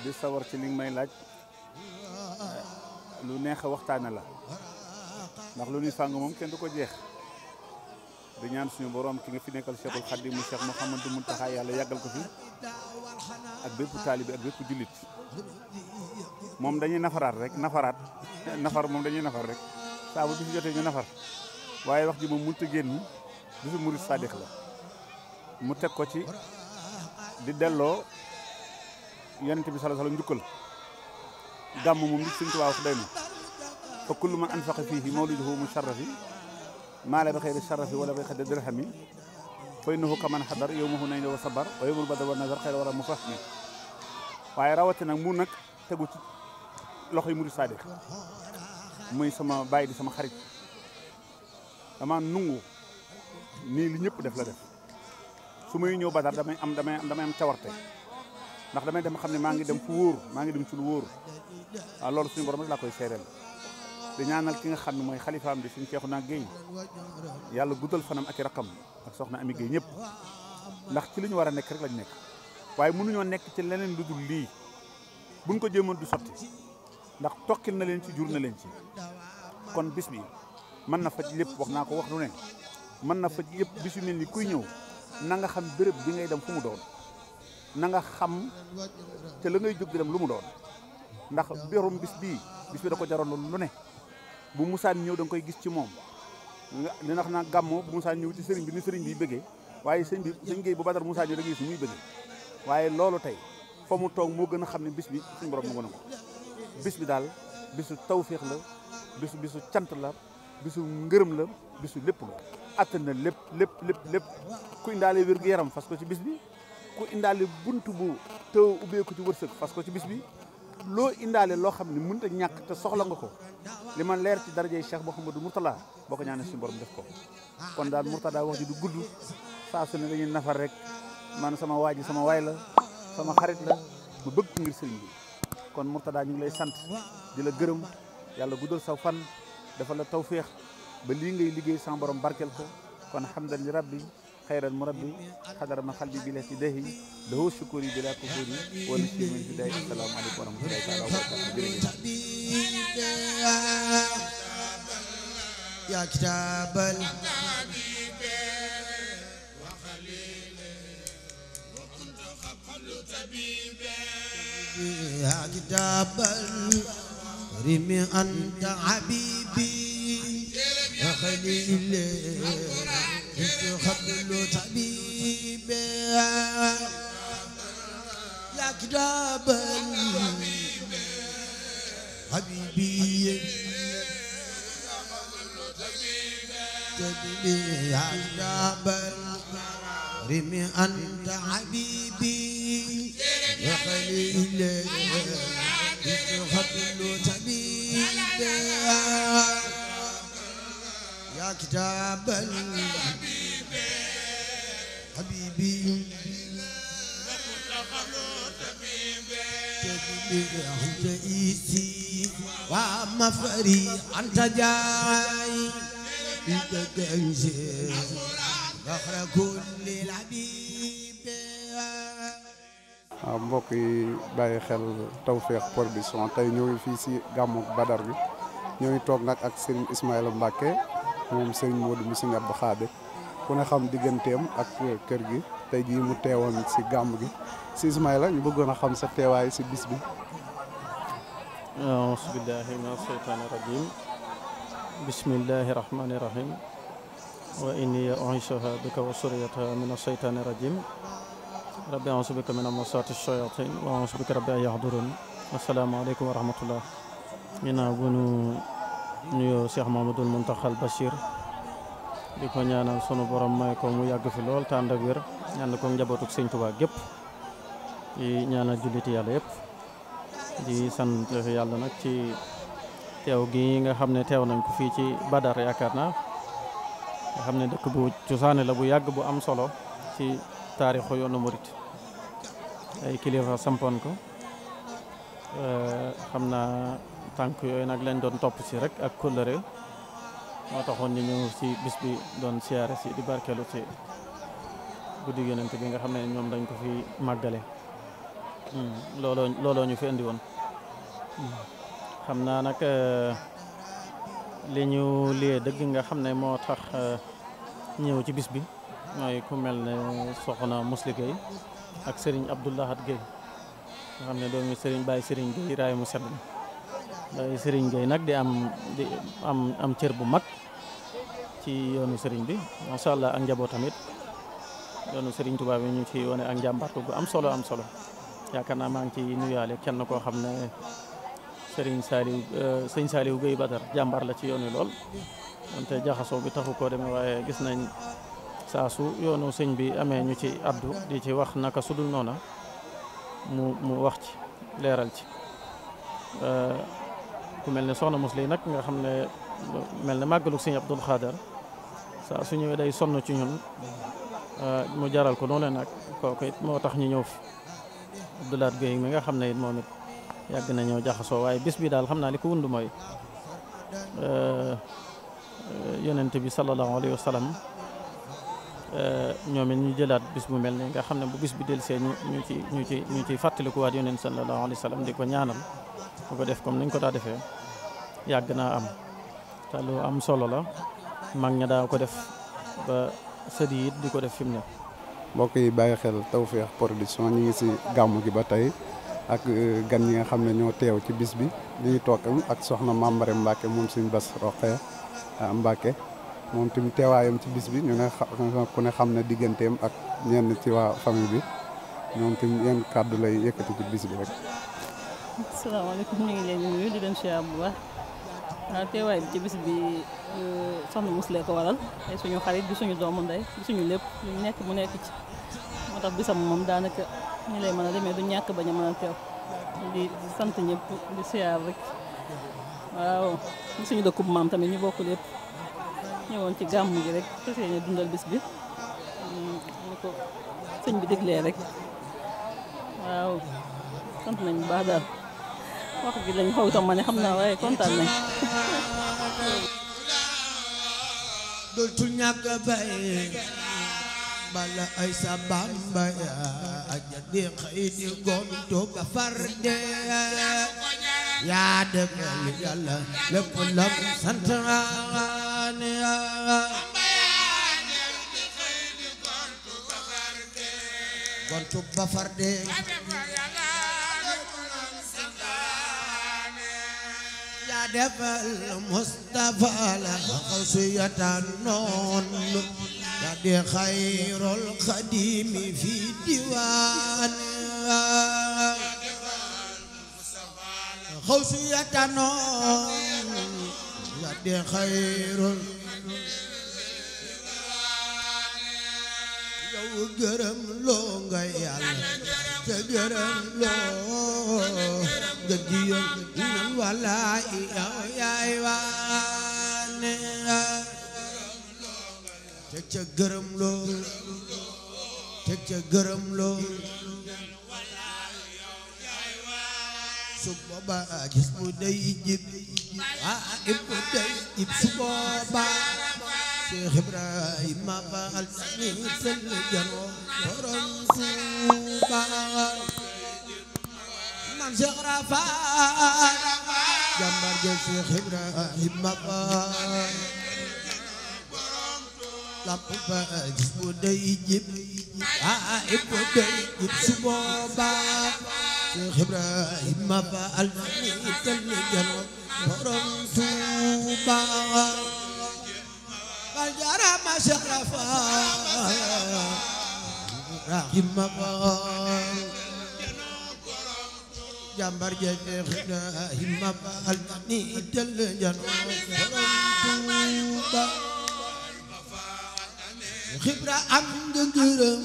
di sawar ci li may laaj lu neex a waxtaane la ndax lu ñuy fàng moom kenn du ko jeex di ñaan suñu boroom ki nga fi nekkal Cheikhul Khadim mu seex Cheikh Mouhamadou Mountakha yàlla yàggal ko fi ak bépp taalibe ak bépp jullit moom dañuy nafaraat rek nafaraat nafar moom dañuy nafar rek saa bu du jotee ñu nafar waaye wax ji moom mënut a génn bisu murid sadiq la mu teg ko ci di delloo yonent bi sallallahu alayhi wasallam njukkal gàmm moom li Sëriñ Tuubaa wax doy na fa kullu man anfaqa fiihi mawliduhu musharrafi maa la bi xayri sharrafi wala bi xaddi dirhami fa innahu kaman xadar yawmahu nañ wa sabar wa yawmul badar wa nazar xayra wala mu fahmi waaye rawatina mu nag tegu ci loxoy murid sadiq muy sama baay di sama xarit dama nungu nii li ñëpp def la def su may ñëw Badar damay am damay am damay am cawarte ndax damay dem xam ne maa ngi dem fu wóor maa ngi dem ci lu wóor waaw loolu suñu borom rek koy seedeel di ñaanal ki nga xam ne mooy xalifaam bi suñu ceexu naa géey yàlla guddal fanam ak i rakam ak soxna ami géey ñëpp ndax ci li ñu war a nekk rek lañ nekk waaye mun mënuñoo nekk ci leneen lu dul lii buñ ko jéemoon du sotti ndax tokkil na leen ci jur na leen ci kon bis bi mën na faj lépp wax naa ko wax lu mën na faj lépp bis yu mel ñëw na nga xam béréb bi ngay dem fu mu doon nanga xam te la ngay jóg di dem lu mu doon ndax bérum bis bii bis da ko jaroon lu ne bu musaan ñëw da nga koy gis ci moom li nga naa gàmmo bu ñëw ci sëriñ bi ni sëriñ bi bëggee waaye sëñ bi sëñ Gueye bu badar musaan ñëw da ngay gis muy bëggee waaye loolu tey foo mu toog moo gën a xam ne bis bi suñu borom nangu na ko bis bi daal bisu tawféex la bisu bisu cant la bisu ngërëm la bisu lépp la attan lépp lépp lépp lépp ku indaale wér gu yaram fas ko ci bis bi ku indaale bunt bu te tëw ubbeeku ci wërsëg fas ko ci bis bi loo indaale loo xam ni mun a ñàkk te soxla nga ko li man leer ci darajey Cheikh Mouhamadou Mourtala boo ko ñaanee suñu borom def ko kon daal Mourtada wax ji du gudd saa su ne dañuy nafar rek man sama waa ji sama waay la sama xarit la ma bëgg ngir sëriñ bi kon Mourtada ñu ngi lay sant di la gërëm dafa la tawféex ba lii ngay liggéey sans borom barkeel ko kon hamdan li rabbi xayral mu xadara ma xalbi bi la ci dehi dahu sukuri bi la kufuri wala si min fi day asalaamaaleykum wa rahmatullahi taala wa barakatu
jërëjëf yaa kitaabal يا كتاب
أكرم أنت
حبيبي وخليلي أنت خبل طبيبي يا كتاب حبيبي تدلي يا كتاب أكرم أنت حبيبي وخليلي الفضل تبيدا يا كتاب الحبيب حبيبي أنت إيسي ومفري أنت جاي أنت كنزي ظهر كل العبيد
waaw mbokk yi bàyyi xel Tawfekh Production tey ñëw ngi fii si gàmmu Badar bi ñoo ngi toog nag ak sëriñ Ismaïla Mbacke moom sëriñ Modou mu sëriñ Abdou Khadir ku ne xam digganteem ak kër gi tey jii mu teewoon si gàmm gi si Ismaïla ñu bëggoon a xam sa teewaay si bis bi.
aùzu billaahi mina sheytaani rajiim bismillaahi rahmaani wa inni u'iizuhaa bika wa rajiim rabbi a'uuzu bika mina masaati shayaatiin wa a'uuzu bika rabbi wa rahmatullah ginnaaw bu nu nuyoo Cheikh Mamadou sunu borom may ko mu yàgg fi lool te ànd ak wér ñaan ko njabootuk Sëñ Tuubaa nag ci teew gi nga xam ne teew nañ ko fii ci Badar yaakaar naa nga xam ne dëkk la bu yàgg bu am solo ci taarixu ay kilifa sampoon ko eh, xam naa tànk yooyu nag lañ doon topp si rek ak kóllëre moo taxoon ñu ñëw si bis bi doon siyaare si di barkeelu ci guddi yonent bi nga xam ne ñoom dañ ko fi màggale hmm, looloo ñu fi indi woon xam naa nag eh, li ñu liyee dëgg nga xam ne moo tax eh, ñëw ci bis bi mooy ku mel ne soxna Mously Gueye ak Serigne Abdoulahat Gueye nga xam ne doomi Serigne Baye Serigne Gueye raay mu sedd Baye Serigne nag di am am am cër bu mag ci yoonu sëriñ bi macha allah ak njaboo tamit yoonu sëriñ Touba bi ñu ci wone ak njàmbaartu gu am solo am solo yaakaar naa maa ngi ci nuyaale kenn koo xam ne sëriñ Saliou euh, sëñ Saliou Gueye Badar jàmbaar la ci yoon wi lool wante jaxasoo bi taxu koo demee waaye gis nañ. saa su yoonu sëñ bi amee ñu ci addu di ci wax naka sudul noona mu mu wax ci leeral ci ku mel ni soxna musli nag nga xam ne mel ne màggalu sëñ Abdul Xaadar saa su ñëwee day sonn ci ñun mu jaral ko noonu nag kooku it moo tax ñu ñëw fi Abdoulaat Gueye mi nga xam ne it moom it yàgg ñëw jaxasoo waaye bis bi daal xam naa li ko wund mooy yonent bi sallallahu alayhi wa Euh, ñoom it ñu jëlaat bis bu mel ni nga xam ne bu bis bi delsee ñu ñu ci ñu ci ñu ciy fàttalikuwaat yonent sallallahu alayhi wa sallam di ko ñaanal bu ko def comme nañ ko daa defee yàgg naa am te lu am solo la mag ña daa ko def ba sëdi di ko def fi mu ne
mbokk yi bàyyi xel Tawfekh Production ñu ngi si gàmmu gi ba tey ak euh, gan ñi nga xam ne ñoo teew ci bis bi ñu ngi toog ak soxna Mame Mbare Mbacke moom si bas roqee euh, Mbacke moom tamit teewaayam ci bis bi ñu ne ku ne xam na digganteem ak ñenn ci waa famille bi ñoom tamit yenn kàddu lay yëkkati ci bis bi rek.
asalaamaaleykum ñu ngi leen di nuyu di leen siyaar bu baax ah, ci bis bi euh, soxna muslee ko waral xarit di suñu doomu ndey di lépp ñu nekk mu nekk ci moo tax bisam moom daanaka ñu lay mën a demee du ñàkk bañ a mën a teew di sant ñëpp di siyaar rek waaw di suñu dëkkub maam tamit ñu bokk lépp. ñëwoon ci gàmm gi rek fas yéene dundal bis bi ko sëñ bi déglee rek waaw sant nañ baax daal
wax gi lañ xaw itam ne xam naa waaye kontaan nañ dootul ñàkk bay bala ay sa bamba ya di xëy di gonto ka farde yaa dëggal yàlla lépp lam santaan tub ba farde yaa defal Mustafa la xawsiyatan noon yaa de xayrul xadimi fi diwaan xawsiyatan noon yaa de xayrul wu gërëm loo nga yàlla gërëm loo nga ca gërëm loo te ca gërëm loo su boobaa gis mu day jib waa ibu day jib su boobaa Cheikh Ibrahima Fall min sel jano borom Touba man Cheikh Rafa jàmbar ja Cheikh Ibrahima Fall lamp ba gis bu day jib ah bu day jib su booba Cheikh Ibrahima Fall min sel jano borom Touba الجرم شخرفا رحم بال جمبر جيخنا هم بال نيدل جنو خبرة عم دقرم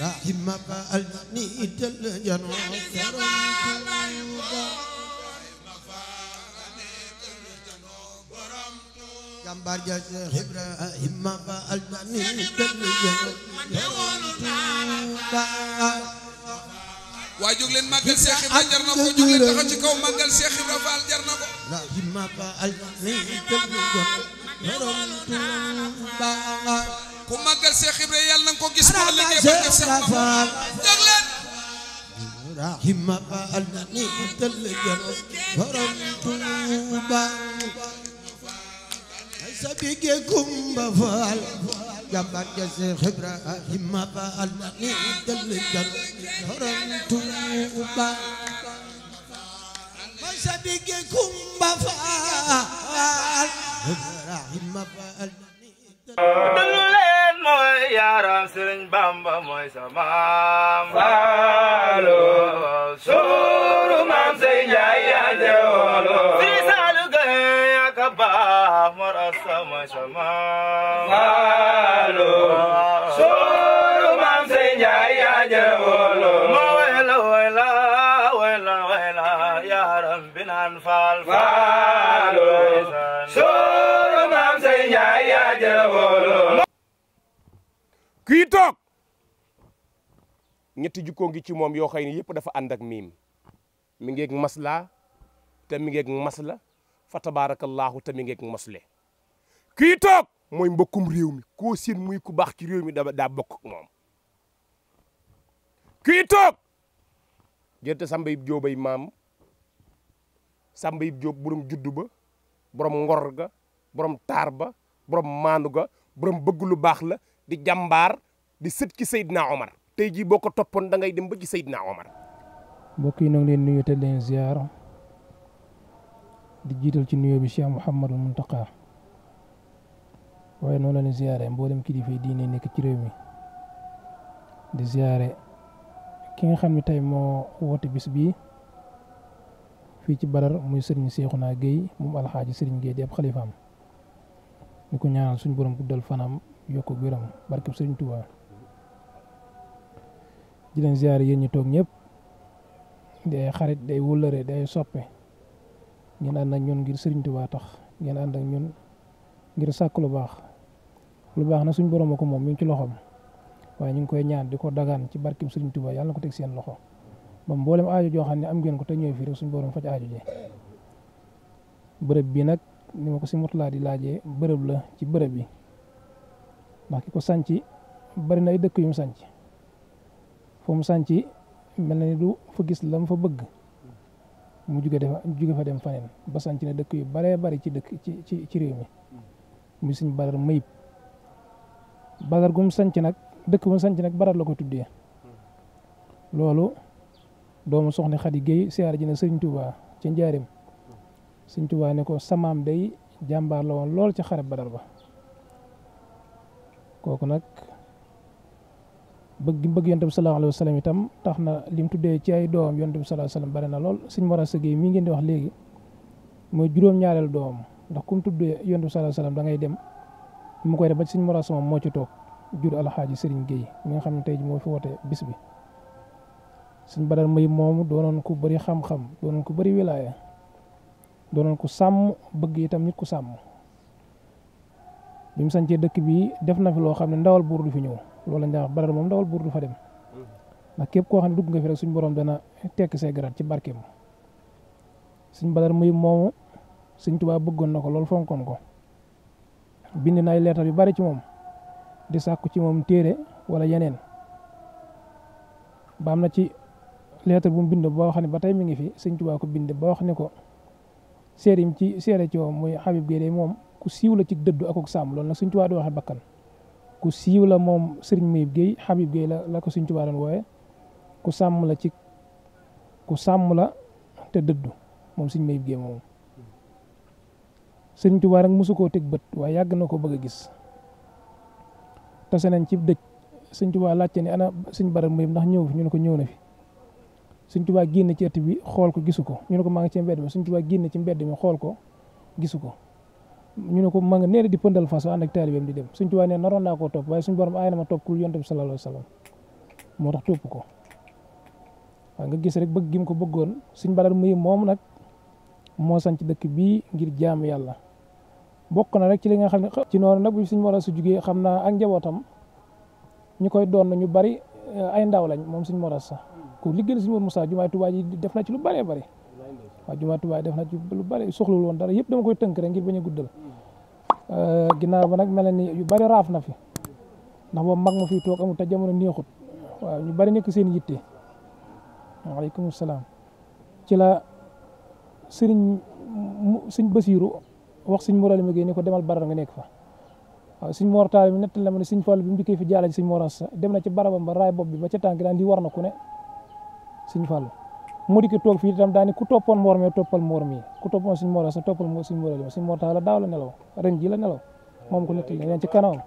رحم بال نيدل جنو jàmbaar ja Cheikh Ibrahima ba aljani
waa jóg leen màggal Cheikh Ibra jar na
ko na ko gis ko liggéey ba sa bigge gumba faal jàmbaar ja Seex Ibrahima Faal ni jël jal horon Tuuba ma sa bigge gumba faal Ibrahima Faal déglu leen
mooy yaaram Sëriñ Bamba mooy sa maam
Faalu
ahmar asama sama njaay ya jawolo ma wayla
ñetti jukkoo ngi ci moom yoo xëy ni yëpp dafa ànd miim mi ngeeg masla te mi ngeeg masla fa tabaarakallaahu tamit ngeeg mosle kii toog mooy mbokkum réew mi koo seen muy ku baax ci réew mi da daa bokk ak moom kii toog jërte samba yib jóobay maam samba yib jóob borom juddu ba borom ngor ga borom taar ba borom maanu ga borom bëgg lu baax la di jàmbaar di sët ci Seydina Omar tey jii bokka ko toppoon da ngay dem ba ci Seydina Omar
mbokk yi noo ngi leen te leen ziar di jiital ci nuyoo bi Cheikh Mouhamadul Mountakha waaye noonu la ñu ziare mboolem kilifa yi diine nekk ci réew mi di ziare ki nga xam ni tey moo woote bis bii fii ci Badar muy sëriñ Cheikhouna Gueye moom alxaaji sëriñ Gueye di ab xalifaam ñu ko ñaanal suñu borom guddal fanaam yokk gërëm barkeb sëriñ Touba di leen ziare yéen ñu toog ñëpp day xarit day wëllëre day soppe. ngeen ànd ak ñun ngir Sëriñ Tuubaa tax ngeen ànd ak ñun ngir sàkk lu baax lu baax na suñ borom a ko moom mi ngi ci loxoom waaye ñu ngi koy ñaan di ko dagaan ci barkim Sëriñ Tuubaa yàlla na ko teg seen loxo ba mboolem aajo joo xam ne am ngeen ko te ñëw fii rek suñ borom faj aajo ji bërëb bi nag ni ma ko si motulaa di laajee bërëb la ci bërëb bi ndax ki ko sañci bari na ay dëkk yu sañc sanc mu sanc mel na ni du fa gis la mu fa bëgg mu juge dem juge fa dem faneen ba sanc na dëkk yu baree bari ci dëkk ci ci ci réew mi muy sëñ Badar Mayib Badar gu mu sanc nag dëkk bu mu sanc nag Badar la ko tuddee loolu doomu soxna Xadi Géey siyaar ji na sëriñ Touba ci njaarim ne ko samaam day jàmbaar la woon lool ci xare Badar ba kooku nag bëgg bëgg yonent bi sallallahu alayhi wa sallam itam tax na lim tuddee ci ay doom yonent bi sallallahu alayhi bari na lool sëñ Mor Asta Gueye mi ngeen di wax léegi mooy juróom-ñaareel doom ndax ku mu tuddee yonent bi sallallahu alayhi da ngay dem mu koy def ba sëñ Mor Asta moom moo ci toog jur alxaaji sëriñ géey mi nga xam ne tey ji moo fi woote bis bi sëñ Badar Mbay moomu doonoon ku bari xam-xam doonoon ku bari wilaaya doonoon ku sàmm bëgg tam nit ku sàmm bi mu sancee dëkk bi def na fi loo xam ne ndawal buur du fi ñëw loolu lañ daan wax moom ndawal buur du fa dem ndax képp koo xam ne dugg nga fi rek suñ borom dana tekk see garaat ci barkeem suñ badar muy moomu suñ tubaa bëggoon na ko lool fonkoon ko bind na ay leetar yu bari ci moom di sàkku ci moom téere wala yeneen ba na ci leetar bu mu bind boo xam ne ba tey mu ngi fi suñ tubaa ko bind ba wax ni ko séerim ci séere ci moom muy Habib Guèye moom ku siiw la ci dëddu ak ak sàmm loolu nag suñ tubaa di waxe bakkan ku siiw la moom sëriñ Mayib Guèye Habib Guèye la la ko Sëriñ Tuubaa doon wooye ku sàmm la ci ku sàmm la te dëddu moom Sëriñ Mayib Guèye moom Sëriñ Tuubaa nag mosu koo teg bët waaye yàgg na ko bëgg gis tase nañ ci dëj Sëriñ Tuubaa laajte ni ana Sëriñ Bara Mayib ndax ñëw fi ñu ko ñëw na fi Sëriñ Tuubaa génn ci ëtt bi xool ko gisu ko ñu ne ko maa ci mbedd mi Sëriñ Tuubaa génn ci mbedd mi xool ko gisu ko ñu ne ko ma nga neena di pëndal fas ànd taalibeem di dem suñ Tuubaa nee naroon naa koo topp waaye suñ borom aay na ma topp ku yonent bi sallallahu alayhi wa moo tax topp ko nga gis rek bëgg gi ko bëggoon suñ balar muy moom nag moo sañ sanc dëkk bi ngir jaamu yàlla bokk na rek ci li nga xam ne ci noonu nag bu suñ mor a su jugee xam naa ak ñu koy doon ñu bari ay ndaw lañ moom suñ moras sax ku liggéeyal suñ mor Moussa jumaay Tuubaa ji def na ci lu bëree bëri waa jumaa Tuubaa def na ci lu bari soxlul woon dara yëpp dama koy tënk rek ngir bañ a guddal euh, ginnaaw ba nag mel na ni yu bari raaf na fi ndax boobu mag ma fi toog amul te jamono neexut waaw ñu bari nekk seen yitte waaleykum salaam ci la sëriñ sëñ Basiiru wax sëñ Mor Alima Gueye ni ko demal baral nga nekk fa waaw sëñ Mor Taal bi nettal la ma ne sëñ Fall bi mu fi jaala ji sëñ Mor Assa dem na ci barabam ba raay bopp bi ba ca tànk daan di war na ku ne sëñ Fall mu dikki toog fii itam daani ku toppoon moor mi toppal moor mi ku toppoon suñ moor sa toppal suñ moor mi la daaw la nelaw ren ji la nelaw moom ko nettali leen ci kanamam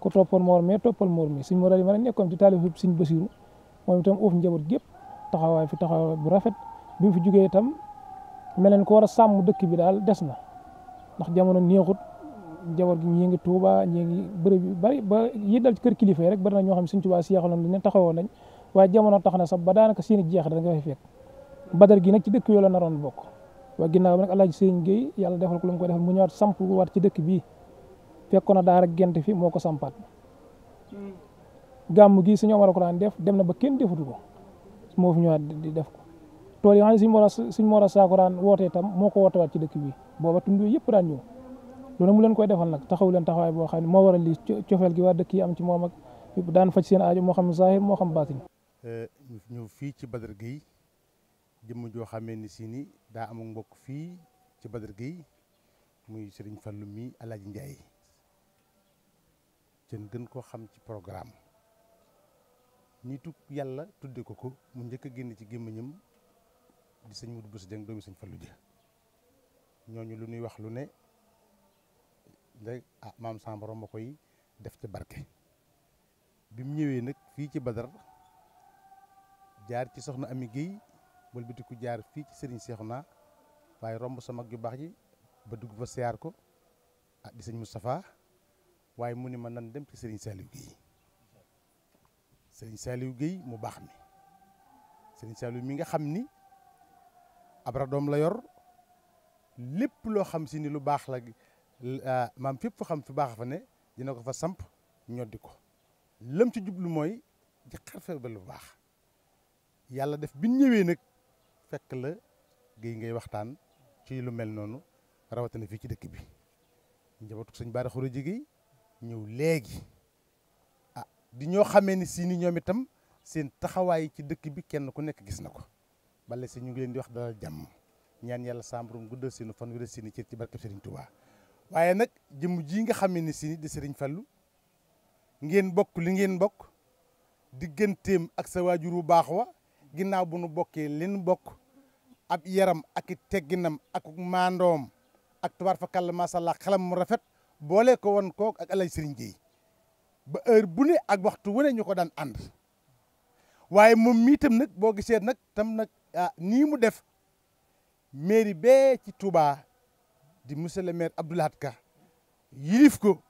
ku toppoon moor mi toppal moor mi suñ moor mi nag nekkoon ci taalif suñ basiru moom itam uuf njaboot gépp taxawaay fi taxawaay bu rafet bi mu fi jógee itam meleen ko war a sàmm dëkk bi daal des na ndax jamono neexut njaboot gi ñii ngi Tuuba ñii ngi bërëb yu bari ba yi dal ci kër kilifa yi rek bari na ñoo xam ne suñ Tuuba si yeexaloon ne taxawoon nañ waaye jamono tax na sax ba daanaka seen jeex da nga fay badar gi nag ci dëkk yoo la naroon bokk waaye ginnaaw bi nag alaaji sëriñ Gueye yàlla defal ko lu mu ko defal mu ñëwaat samp waat ci dëkk bi fekkoon na daara gent fi moo ko sampaat gàmm gi suñu war a daan def dem na ba kenn defatu ko moo fi ñëwaat di def ko tool yi nga xam war a suñu war a saako daan wootee tam moo ko wootewaat ci dëkk bi booba tund yëpp daan ñëw loolu mu leen koy defal nag taxaw leen taxawaay boo xam ne moo waral lii cofeel gi waa dëkk yi am ci moom daan faj seen aajo moo xam zahir moo xam baatin
eh, ñu fii ci Badar Gueye jëmm joo xamee ni si daa amul mbokk fii ci Badar Gueye muy Serigne Fallou mi Alaaji Njaay cën gën koo xam ci programme ñi tug yàlla tudde ko ko mu njëkk a génn ci gémmiñam di sëñ Mudu Bousso Dieng doomi sëñ Fallou ja ñooñu lu ñuy wax lu ne rek ah maam Samboro ma koy def ci barke bi mu ñëwee nag fii ci Badar jaar ci soxna Ami Gueye wëlbatiku jaar fii ci Serigne Cheikhouna waaye romb sa mag ju baax ji ba dugg fa siyaar ko ah di sëñ Moustapha waaye mu ni ma nan dem ci sëriñ Saliou Guèye Serigne Saliou Guèye mu baax mi Serigne Saliou mi nga xam ni ab radoom la yor lépp loo xam si ni lu baax la ah, maam fépp fa xam fi baax fa ne dina ko fa samp ñoddi ko lëm ci jublu mooy ci xarfe lu baax yàlla def bi ñëwee nag fekk la gi ngay waxtaan ci lu mel noonu rawatina fii ci dëkk bi njabootu sëñ Bara Khourédia Gueye ñëw léegi ah di ñoo xamee ni si ni ñoom itam seen taxawaay ci dëkk bi kenn ku nekk gis na ko bale si ñu ngi leen di wax dalal jàmm ñaan yàlla sàmbrum guddal seenu fan wéral seeni cër ci barkeb Serigne Touba waaye nag jëmm ji nga xamee ni si ni di Serigne ngeen bokk li ngeen bokk digganteem ak sa waajur baax wa ginnaaw bu nu bokkee leen bokk ab yaram ak i tegginam ak maandoom ak tubaar fa kàll macha allah mu rafet boole ko woon kook ak alay sëriñ Gueye ba heure bu ne ak waxtu wu ñu ko daan ànd waaye moom mii tam nag boo gisee nag tam nag ah nii mu def mairie bee ci Touba di monsieur le maire Abdou Lahad Ka yilif ko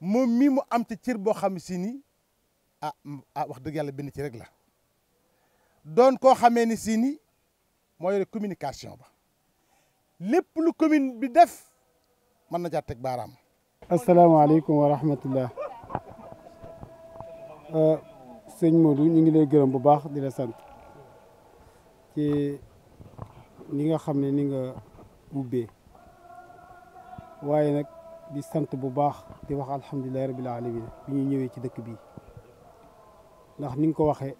moom mii mu am te cër boo xam si ni ah ah wax dëgg yàlla benn ci rek la doon koo xamee ni si moo yore communication ba lépp lu commune bi def mën na caa teg baaraam.
asalaamaaleykum wa rahmatullah euh, sëñ Modou ñu ngi lay gërëm bu baax di la sant ci ni nga xam ne ni nga ubbee waaye nag di sant bu baax di wax alhamdulilah rabil alamin bi ñu ñëwee ci dëkk bi ndax ni nga ko waxee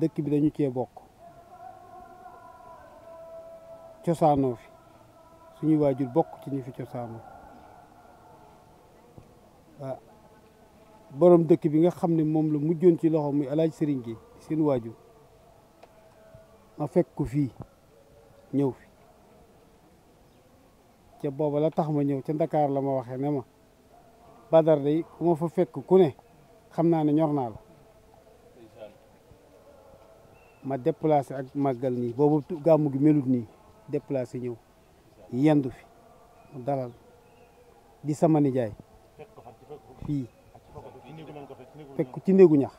dëkk bi dañu cee bokk. cosaanoo fi suñuy waajur bokk ci ñi fi cosaanoo waaw borom dëkk bi nga xam ne moom la mujjoon ci loxo muy alaaj sëriñ gi seen waajur ma fekk ko fii ñëw fi ca booba la tax ma ñëw ca Ndakaar la ma waxee ne ma Badar day ku ma fa fekk ku ne xam naa ne ñor naa la ma déplacé ak màggal nii boobu gàmmu gi melut nii déplacé ñëw yendu fi mu dalal di sama nijaay fii fekk ci néegu ñax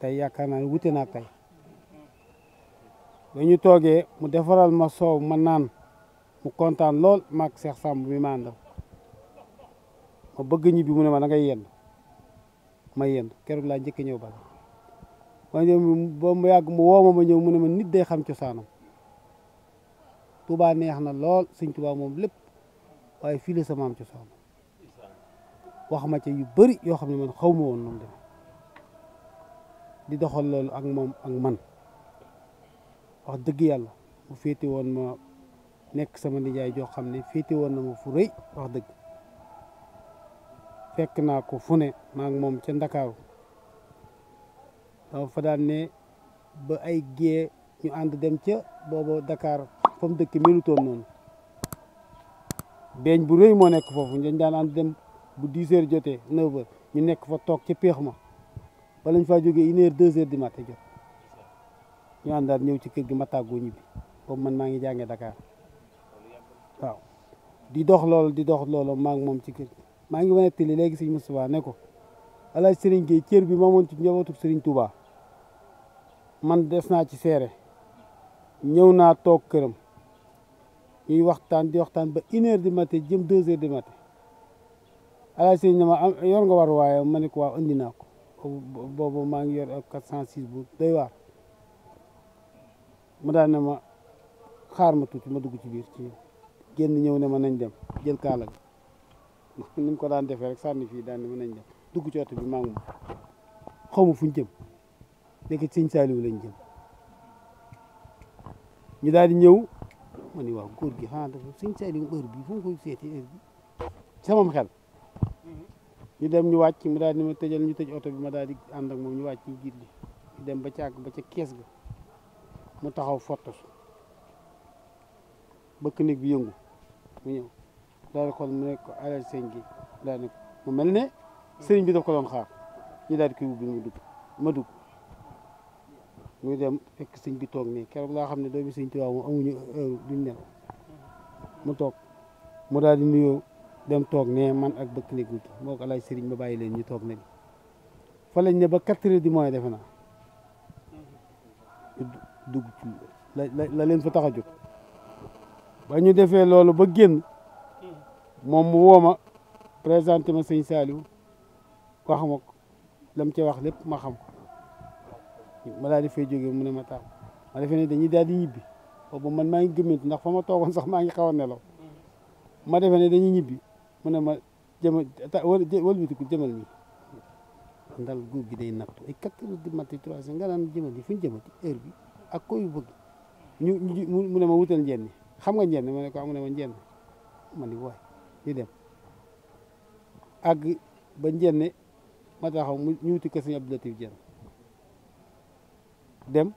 tey yaakaar naa ne wute naa tey dañu toogee mu defaral ma soow ma naan mu kontaan lool maag Seex Sàmb mi ma àndal ma bëgg ñibbi mu ne ma da ngay yenn ma yenn keroog laa njëkk ñëw ba ma ñëw ba mu yàgg mu woo ma ma ñëw mu ne ma nit day xam cosaanu Touba neex na lool sëñ Touba moom lépp waaye fii la sa maam ci wax ma ca yu bëri yoo xam ne man xawma woon noonu demee di doxal loolu ak moom ak man wax dëgg yàlla mu féete woon ma nekk sama nijaay joo xam ne féete woon na ma fu wax dëgg fekk naa ko fu ma maa moom ca Ndakaaru dama fa ba ay gée ñu ànd dem ca booba Dakar fa mu dëkk melutoon noonu beeñ bu rëy moo nekk foofu dañ daan ànd dem bu dix heures jotee neuf heures ñu nekk fa toog ci péex ma ba lañ faa jógee une heure deux heures du matin jot ñu àndaat ñëw ci kër gi ma tàggoo bi boobu man maa ngi jàngee Dakar waaw di dox lool di dox loolu maa ngi moom ci kër gi maa ngi wane télé léegi sëñ Moustapha ne ko alaaj Serigne Gueye cër bi ma moon ci njabootu Serigne Touba man des naa ci seere ñëw naa toog këram ñuy waxtaan di waxtaan ba une heure du matin jëm deux heures du matin alaaj sëñ ma am yor nga war waaye ma ne ko waaw naa ko boobu maa ngi yor quatre cent six bu day waar mu daan ne ma xaar ma tuuti ma dugg ci biir ci génn ñëw ne ma nañ dem jël kaala (laughs) ko daan defee rek sànni fii daan ne ma nañ dem dugg ci oto bi maa ngi xaw ma fu ñu jëm nekk sëñ Saaliw lañ jëm di ñëw ma ni waaw góor gi xanaa dafa sëñ bi fu mu koy seeti heure bi sama xel mhm. ñu dem ñu wàcc mu daal di ma tëjal ñu tëj oto bi ma daal di ànd ak moom ñu wàcc ñu jiit dem ba ca àgg ba ca kees ga mu taxaw fotos bëkk néeg bi yëngu mu ñëw daal di mu nekk ko alal gi daal mu mel ne sëriñ bi daf ko ñu daal di mu dugg muy dem fekk sëñ bi toog nii keroog laa xam ne doomi sëñ Tuubaa moom amuñu heure duñ nelaw mu toog mu daal di nuyoo dem toog ne man ak bëkk ne guuti moo ko laaj sëriñ ma bàyyi leen ñu toog ne bi fa lañ ne ba quatre heures mois defe naa dugg la leen fa tax a jóg ba ñu defee loolu ba génn moom mu woo ma présenté ma sëñ Saliou wax ma ko lam ci wax lépp ma xam ma daal di fay jógee mu ne ma ta ma defee ne dañuy daal di ñibbi boobu man maa ngi gëmmantu ndax fa ma toogoon sax maa ngi xaw a nelaw ma defee ne dañuy ñibbi mu ne ma jëmal wëlbatiku jëmal nii ndal góor gi day nattu ay quatre heures du matin trois heures nga naan jëmal yi fu ñu jëmati heure bi ak koy ñu mu ne ma wutal njenni xam nga njenn ma ne ko am ah, mu ne ma njenn ma ni waay ñu ba njenne ma taxaw ñu wuti ko sëñ Abdou Latif Jenn dem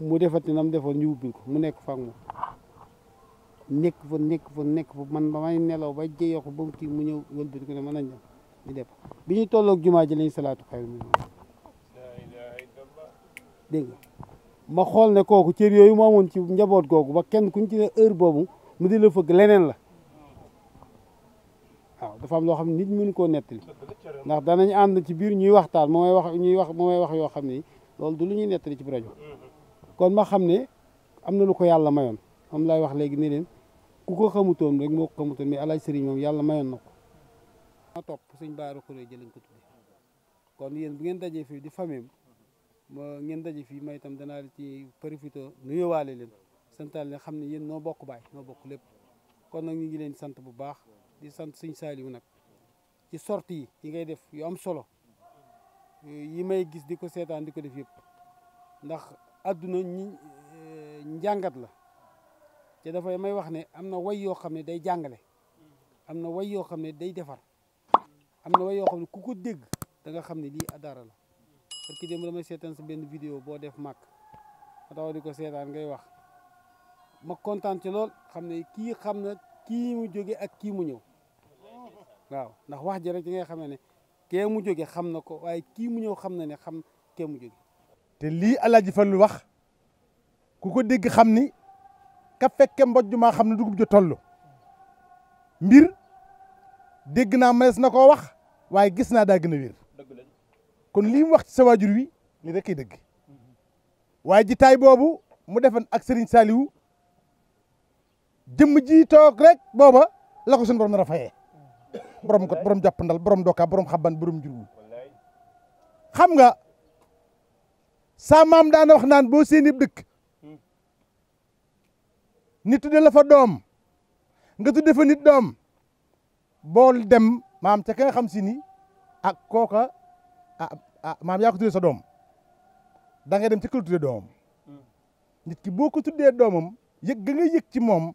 mu defati mu defoon ñu ubbil ko mu nekk fa moom nekk fa nekk fa nekk fa man ba may nelaw ba jëyoo ko ba mu kii mu ñëw wëlbati ko ne mën nañ dem ñu def bi ñu tolloog jumaa ji lañ salaatu xayr mi dégg nga ma xool ne kooku cër yooyu mu amoon njaboot googu ba kenn kuñ ci ne boobu mu di la leneen la waaw dafa am loo xam nit mënu koo nettali ndax danañ ànd ci biir ñuy waxtaan moo may wax ñuy wax moo may wax yoo xam ne loolu du lu ñuy nettali ci rajo kon ma xam ne am na lu ko yàlla mayoon moom laay wax léegi ne leen ku ko xamutoon rek moo ko xamutoon mais alaaj sëriñ moom yàlla mayoon na ko ma topp suñ baaru xuree jëlañ ko tudde kon yéen bu ngeen dajee fii di famille ma ngeen daje fii may itam danaa ci profité nuyuwaale leen santal leen xam ne yéen noo bokk baay noo bokk lépp kon nag ñu ngi leen sant bu baax di sant suñ saaliwu nag ci sorti yi ngay def yu am solo yi may gis di ko seetaan di ko def yëpp ndax àdduna ñi eh, njàngat la te dafay may wax ne am na way yoo xam ne day jàngale am na way yoo xam ne day defar am na way yoo xam ne ku ko dégg da nga xam ne lii addaara la parce que démb damay seetaan si benn vidéo boo def màkk ma taxaw di ko seetaan ngay wax ma kontaan ci lool xam ne kii xam na kii mu jóge ak kii mu ñëw waaw ndax wax ji rek ci ngay xamee ne kee mu jóge xam na ko waaye kii mu ñëw xam na ne xam kee mu jóge
te lii Alaaji Fallu wax ku ko dégg xam ni ka fekke mbojj maa xam ne dugub jo toll mbir dégg naa mënees na koo wax waaye gis naa daa gën a wér kon lii mu wax ci sa wi ni rek ay dëgg waaye jitaay boobu mu defoon ak sëriñ Saliou jëmm ji toog rek booba la ko suñu borom a fayee borom got borom jàppandal borom doka borom xaban borom jurul xam nga saa maam daan wax naan boo seen dëkk nit tudde la fa doom nga tudde fa nit doom bool dem maam ca ka nga xam si ni ak kooka ah maam yaa ko tudde sa doom da dem ca kër doom nit ki boo ko tuddee doomam yëg ga ngay ci moom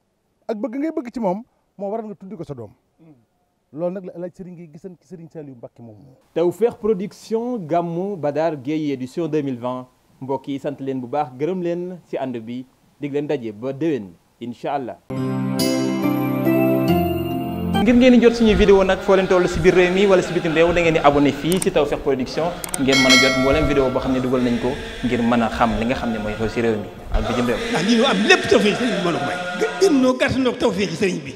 ak bëgg ngay bëgg ci moom moo waral nga tudd ko sa doom loolu nag la El Hadj Serigne Gueye gisan ci Serigne Saliou Mbacké moom
Tawfekh Production gàmmu Badar Gueye édition 2020 mbokk yi sant leen bu baax gërëm leen ci ànd bi dig leen daje ba déwén incha allah ngir ngeen di jot suñuy vidéo nag foo leen toll si biir réew mi wala si bitim réew da ngeen di abonné fii ci Tawfekh Production ngeen mën a jot mboolem vidéo boo xam ne dugal nañ ko ngir mën a xam li nga xam ne mooy xew ci réew mi ak bitim réew.
ndax lii ñu am noo bi.